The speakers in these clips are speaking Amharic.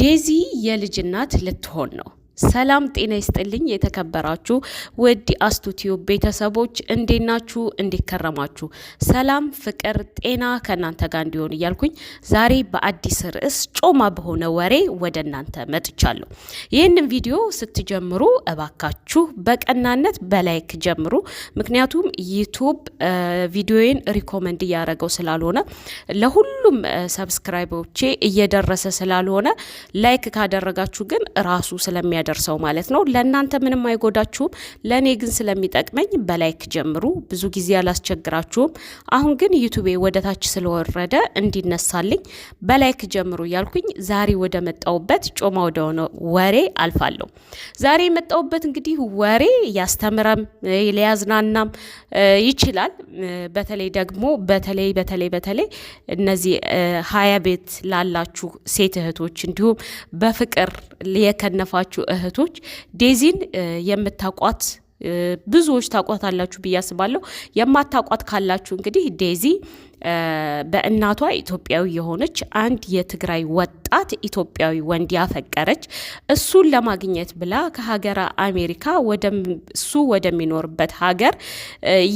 ዴዚ የልጅ እናት ልትሆን ነው። ሰላም ጤና ይስጥልኝ። የተከበራችሁ ውድ አስቱቲዮ ቤተሰቦች እንዴት ናችሁ? እንዴት ከረማችሁ? ሰላም፣ ፍቅር፣ ጤና ከእናንተ ጋር እንዲሆን እያልኩኝ ዛሬ በአዲስ ርዕስ ጮማ በሆነ ወሬ ወደ እናንተ መጥቻለሁ። ይህንን ቪዲዮ ስትጀምሩ እባካችሁ በቀናነት በላይክ ጀምሩ። ምክንያቱም ዩቱብ ቪዲዮዬን ሪኮመንድ እያደረገው ስላልሆነ ለሁሉም ሰብስክራይቦቼ እየደረሰ ስላልሆነ ላይክ ካደረጋችሁ ግን ራሱ ስለሚያ የሚያደርሰው ማለት ነው። ለእናንተ ምንም አይጎዳችሁም፣ ለእኔ ግን ስለሚጠቅመኝ በላይክ ጀምሩ። ብዙ ጊዜ አላስቸግራችሁም። አሁን ግን ዩቱቤ ወደታች ስለወረደ እንዲነሳልኝ በላይክ ጀምሩ እያልኩኝ ዛሬ ወደ መጣውበት ጮማ ወደሆነ ወሬ አልፋለሁ። ዛሬ የመጣውበት እንግዲህ ወሬ ያስተምረም ሊያዝናናም ይችላል። በተለይ ደግሞ በተለይ በተለይ በተለይ እነዚህ ሀያ ቤት ላላችሁ ሴት እህቶች እንዲሁም በፍቅር የከነፋችሁ እህቶች ዴዚን የምታቋት ብዙዎች ታቋት አላችሁ ብዬ አስባለሁ። የማታቋት ካላችሁ እንግዲህ ዴዚ በእናቷ ኢትዮጵያዊ የሆነች አንድ የትግራይ ወጣት ኢትዮጵያዊ ወንድ ያፈቀረች እሱን ለማግኘት ብላ ከሀገረ አሜሪካ እሱ ወደሚኖርበት ሀገር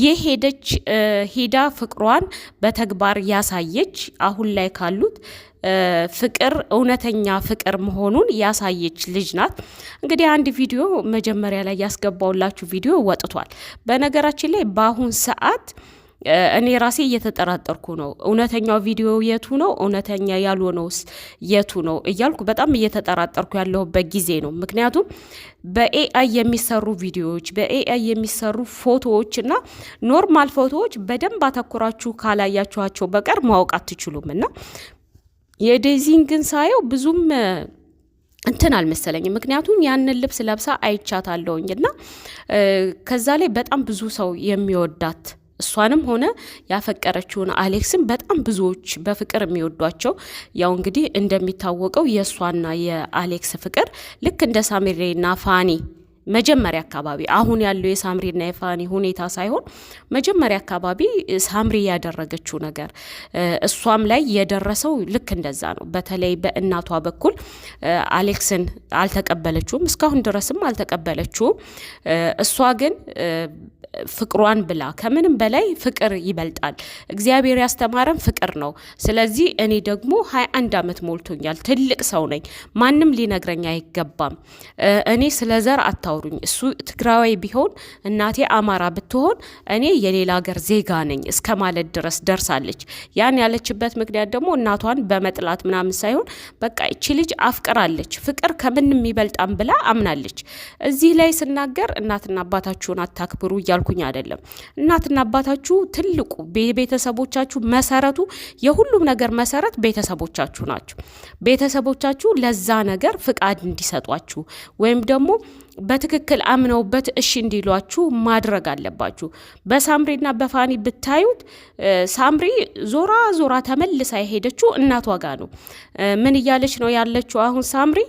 የሄደች ሄዳ ፍቅሯን በተግባር ያሳየች አሁን ላይ ካሉት ፍቅር እውነተኛ ፍቅር መሆኑን ያሳየች ልጅ ናት። እንግዲህ አንድ ቪዲዮ መጀመሪያ ላይ ያስገባውላችሁ ቪዲዮ ወጥቷል። በነገራችን ላይ በአሁን ሰዓት እኔ ራሴ እየተጠራጠርኩ ነው። እውነተኛው ቪዲዮ የቱ ነው? እውነተኛ ያልሆነውስ የቱ ነው? እያልኩ በጣም እየተጠራጠርኩ ያለሁበት ጊዜ ነው። ምክንያቱም በኤአይ የሚሰሩ ቪዲዮዎች፣ በኤአይ የሚሰሩ ፎቶዎች እና ኖርማል ፎቶዎች በደንብ አተኩራችሁ ካላያችኋቸው በቀር ማወቅ አትችሉም እና የዴዚን ግን ሳየው ብዙም እንትን አልመሰለኝም። ምክንያቱም ያንን ልብስ ለብሳ አይቻታለውኝ እና ከዛ ላይ በጣም ብዙ ሰው የሚወዳት እሷንም ሆነ ያፈቀረችውን አሌክስን በጣም ብዙዎች በፍቅር የሚወዷቸው ያው እንግዲህ እንደሚታወቀው የእሷና የአሌክስ ፍቅር ልክ እንደ ሳሚሬና ፋኒ መጀመሪያ አካባቢ አሁን ያለው የሳምሪና የፋኒ ሁኔታ ሳይሆን መጀመሪያ አካባቢ ሳምሪ ያደረገችው ነገር እሷም ላይ የደረሰው ልክ እንደዛ ነው። በተለይ በእናቷ በኩል አሌክስን አልተቀበለችውም፣ እስካሁን ድረስም አልተቀበለችውም። እሷ ግን ፍቅሯን ብላ ከምንም በላይ ፍቅር ይበልጣል። እግዚአብሔር ያስተማረን ፍቅር ነው። ስለዚህ እኔ ደግሞ ሀያ አንድ ዓመት ሞልቶኛል። ትልቅ ሰው ነኝ። ማንም ሊነግረኝ አይገባም። እኔ ስለ ዘር አታውሩኝ። እሱ ትግራዋይ ቢሆን እናቴ አማራ ብትሆን እኔ የሌላ ሀገር ዜጋ ነኝ እስከ ማለት ድረስ ደርሳለች። ያን ያለችበት ምክንያት ደግሞ እናቷን በመጥላት ምናምን ሳይሆን በቃ እቺ ልጅ አፍቅራለች። ፍቅር ከምንም ይበልጣም ብላ አምናለች። እዚህ ላይ ስናገር እናትና አባታችሁን አታክብሩ እያ እያልኩኝ አይደለም። እናትና አባታችሁ ትልቁ ቤተሰቦቻችሁ መሰረቱ፣ የሁሉም ነገር መሰረት ቤተሰቦቻችሁ ናቸው። ቤተሰቦቻችሁ ለዛ ነገር ፍቃድ እንዲሰጧችሁ ወይም ደግሞ በትክክል አምነውበት እሺ እንዲሏችሁ ማድረግ አለባችሁ። በሳምሪና በፋኒ ብታዩት ሳምሪ ዞራ ዞራ ተመልሳ የሄደችው እናቷ ጋ ነው። ምን እያለች ነው ያለችው? አሁን ሳምሪ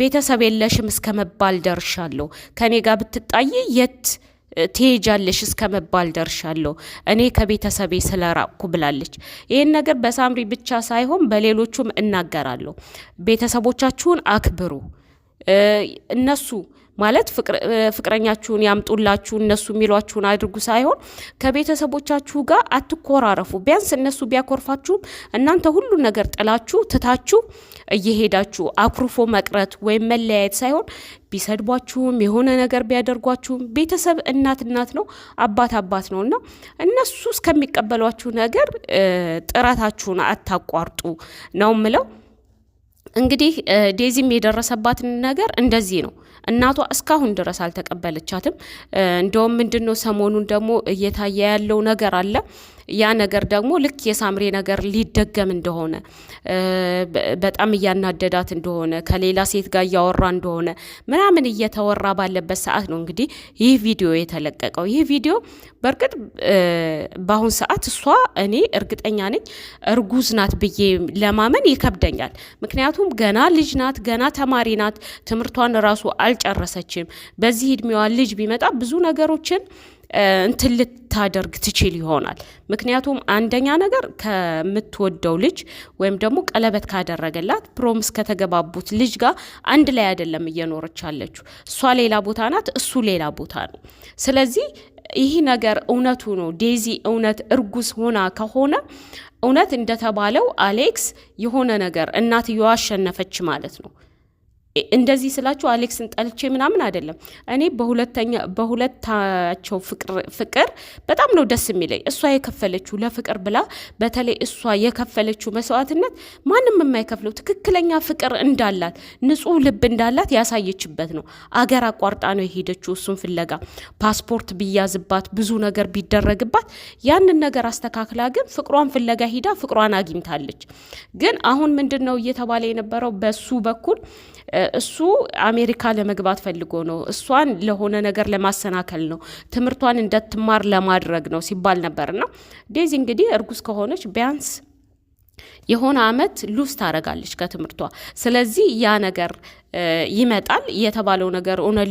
ቤተሰብ የለሽም እስከ መባል ደርሻለሁ። ከኔ ጋር ብትጣይ የት ትሄጃለሽ እስከ መባል ደርሻለሁ እኔ ከቤተሰቤ ስለራቅኩ ብላለች። ይህን ነገር በሳምሪ ብቻ ሳይሆን በሌሎቹም እናገራለሁ። ቤተሰቦቻችሁን አክብሩ እነሱ ማለት ፍቅረኛችሁን ያምጡላችሁ እነሱ የሚሏችሁን አድርጉ ሳይሆን ከቤተሰቦቻችሁ ጋር አትኮራረፉ። ቢያንስ እነሱ ቢያኮርፋችሁም እናንተ ሁሉ ነገር ጥላችሁ ትታችሁ እየሄዳችሁ አኩርፎ መቅረት ወይም መለያየት ሳይሆን ቢሰድቧችሁም የሆነ ነገር ቢያደርጓችሁም ቤተሰብ እናት እናት ነው፣ አባት አባት ነው እና እነሱ እስከሚቀበሏችሁ ነገር ጥረታችሁን አታቋርጡ ነው ምለው። እንግዲህ ዴዚም የደረሰባትን ነገር እንደዚህ ነው። እናቷ እስካሁን ድረስ አልተቀበለቻትም። እንደውም ምንድን ነው ሰሞኑን ደግሞ እየታየ ያለው ነገር አለ ያ ነገር ደግሞ ልክ የሳምሬ ነገር ሊደገም እንደሆነ በጣም እያናደዳት እንደሆነ ከሌላ ሴት ጋር እያወራ እንደሆነ ምናምን እየተወራ ባለበት ሰዓት ነው እንግዲህ ይህ ቪዲዮ የተለቀቀው። ይህ ቪዲዮ በእርግጥ በአሁን ሰዓት እሷ እኔ እርግጠኛ ነኝ እርጉዝ ናት ብዬ ለማመን ይከብደኛል። ምክንያቱም ገና ልጅ ናት፣ ገና ተማሪ ናት፣ ትምህርቷን ራሱ አልጨረሰችም። በዚህ እድሜዋ ልጅ ቢመጣ ብዙ ነገሮችን እንትን ልታደርግ ትችል ይሆናል። ምክንያቱም አንደኛ ነገር ከምትወደው ልጅ ወይም ደግሞ ቀለበት ካደረገላት ፕሮምስ ከተገባቡት ልጅ ጋር አንድ ላይ አይደለም እየኖረች አለችው። እሷ ሌላ ቦታ ናት፣ እሱ ሌላ ቦታ ነው። ስለዚህ ይህ ነገር እውነቱ ነው። ዴዚ እውነት እርጉዝ ሆና ከሆነ እውነት እንደተባለው አሌክስ የሆነ ነገር እናትየዋ አሸነፈች ማለት ነው። እንደዚህ ስላችሁ አሌክስን ጠልቼ ምናምን አይደለም። እኔ በሁለተኛ በሁለታቸው ፍቅር በጣም ነው ደስ የሚለኝ። እሷ የከፈለችው ለፍቅር ብላ በተለይ እሷ የከፈለችው መስዋዕትነት ማንም የማይከፍለው ትክክለኛ ፍቅር እንዳላት ንጹሕ ልብ እንዳላት ያሳየችበት ነው። አገር አቋርጣ ነው የሄደችው እሱን ፍለጋ። ፓስፖርት ቢያዝባት ብዙ ነገር ቢደረግባት ያንን ነገር አስተካክላ ግን ፍቅሯን ፍለጋ ሂዳ ፍቅሯን አግኝታለች። ግን አሁን ምንድን ነው እየተባለ የነበረው በሱ በኩል እሱ አሜሪካ ለመግባት ፈልጎ ነው፣ እሷን ለሆነ ነገር ለማሰናከል ነው፣ ትምህርቷን እንደትማር ለማድረግ ነው ሲባል ነበርና ዴዚ እንግዲህ እርጉዝ ከሆነች ቢያንስ የሆነ አመት ሉስ ታደርጋለች ከትምህርቷ። ስለዚህ ያ ነገር ይመጣል የተባለው ነገር እውነት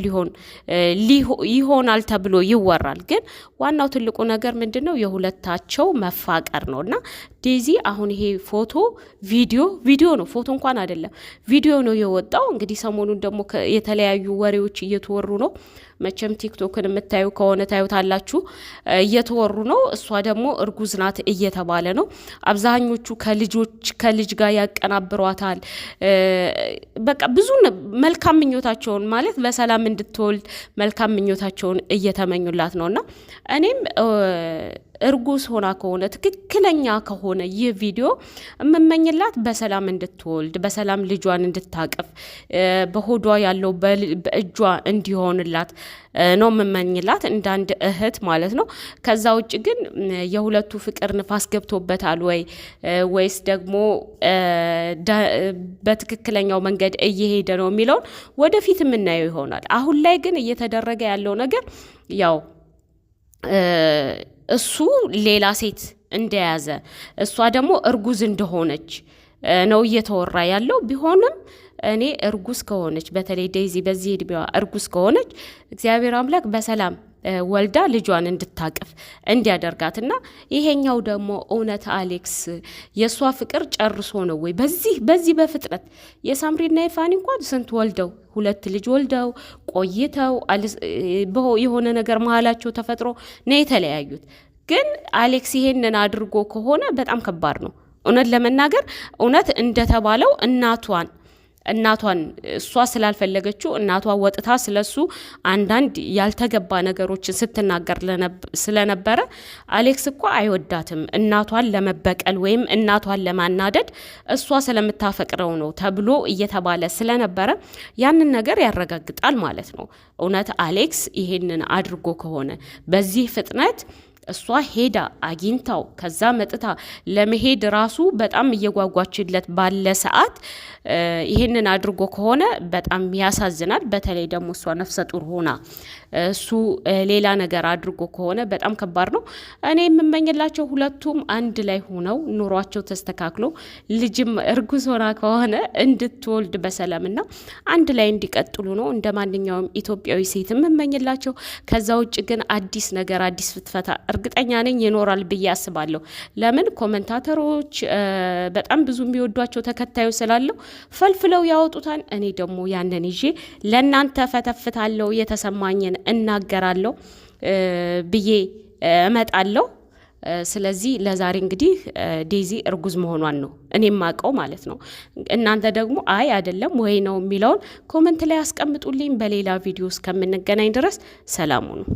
ሊሆን ይሆናል ተብሎ ይወራል። ግን ዋናው ትልቁ ነገር ምንድን ነው? የሁለታቸው መፋቀር ነው እና ዴዚ አሁን ይሄ ፎቶ ቪዲዮ ቪዲዮ ነው፣ ፎቶ እንኳን አይደለም፣ ቪዲዮ ነው የወጣው። እንግዲህ ሰሞኑን ደግሞ የተለያዩ ወሬዎች እየተወሩ ነው። መቼም ቲክቶክን የምታዩ ከሆነ ታዩታላችሁ። እየተወሩ ነው። እሷ ደግሞ እርጉዝ ናት እየተባለ ነው። አብዛኞቹ ከልጁ ልጆች ከልጅ ጋር ያቀናብሯታል። በቃ ብዙ መልካም ምኞታቸውን ማለት በሰላም እንድትወልድ መልካም ምኞታቸውን እየተመኙላት ነው እና እኔም እርጉዝ ሆና ከሆነ ትክክለኛ ከሆነ ይህ ቪዲዮ የምመኝላት በሰላም እንድትወልድ በሰላም ልጇን እንድታቅፍ በሆዷ ያለው በእጇ እንዲሆንላት ነው የምመኝላት እንደ አንድ እህት ማለት ነው። ከዛ ውጭ ግን የሁለቱ ፍቅር ንፋስ ገብቶበታል ወይ ወይስ ደግሞ በትክክለኛው መንገድ እየሄደ ነው የሚለውን ወደፊት የምናየው ይሆናል። አሁን ላይ ግን እየተደረገ ያለው ነገር ያው እሱ ሌላ ሴት እንደያዘ እሷ ደግሞ እርጉዝ እንደሆነች ነው እየተወራ ያለው። ቢሆንም እኔ እርጉዝ ከሆነች በተለይ ዴይዚ በዚህ እድሜዋ እርጉዝ ከሆነች እግዚአብሔር አምላክ በሰላም ወልዳ ልጇን እንድታቅፍ እንዲያደርጋትና ይሄኛው ደግሞ እውነት አሌክስ የእሷ ፍቅር ጨርሶ ነው ወይ? በዚህ በዚህ በፍጥነት የሳምሪና የፋኒ እንኳን ስንት ወልደው ሁለት ልጅ ወልደው ቆይተው የሆነ ነገር መሀላቸው ተፈጥሮ ነው የተለያዩት። ግን አሌክስ ይሄንን አድርጎ ከሆነ በጣም ከባድ ነው። እውነት ለመናገር እውነት እንደተባለው እናቷን እናቷን እሷ ስላልፈለገችው እናቷ ወጥታ ስለሱ አንዳንድ ያልተገባ ነገሮችን ስትናገር ስለነበረ አሌክስ እኮ አይወዳትም እናቷን ለመበቀል ወይም እናቷን ለማናደድ እሷ ስለምታፈቅረው ነው ተብሎ እየተባለ ስለነበረ ያንን ነገር ያረጋግጣል ማለት ነው። እውነት አሌክስ ይሄንን አድርጎ ከሆነ በዚህ ፍጥነት እሷ ሄዳ አግኝታው ከዛ መጥታ ለመሄድ ራሱ በጣም እየጓጓችለት ባለ ሰዓት ይህንን አድርጎ ከሆነ በጣም ያሳዝናል። በተለይ ደግሞ እሷ ነፍሰ ጡር ሆና እሱ ሌላ ነገር አድርጎ ከሆነ በጣም ከባድ ነው። እኔ የምመኝላቸው ሁለቱም አንድ ላይ ሆነው ኑሯቸው ተስተካክሎ ልጅም እርጉዝ ሆና ከሆነ እንድትወልድ በሰላምና አንድ ላይ እንዲቀጥሉ ነው እንደ ማንኛውም ኢትዮጵያዊ ሴት የምመኝላቸው። ከዛ ውጭ ግን አዲስ ነገር አዲስ ፍትፈታ እርግጠኛ ነኝ ይኖራል ብዬ አስባለሁ። ለምን ኮመንታተሮች በጣም ብዙ የሚወዷቸው ተከታዮች ስላለው ፈልፍለው ያወጡታል። እኔ ደግሞ ያንን ይዤ ለእናንተ ፈተፍታለሁ፣ የተሰማኝን እናገራለሁ ብዬ እመጣለሁ። ስለዚህ ለዛሬ እንግዲህ ዴዚ እርጉዝ መሆኗን ነው እኔም ማቀው ማለት ነው። እናንተ ደግሞ አይ አይደለም ወይ ነው የሚለውን ኮመንት ላይ አስቀምጡልኝ። በሌላ ቪዲዮ እስከምንገናኝ ድረስ ሰላሙ ነው።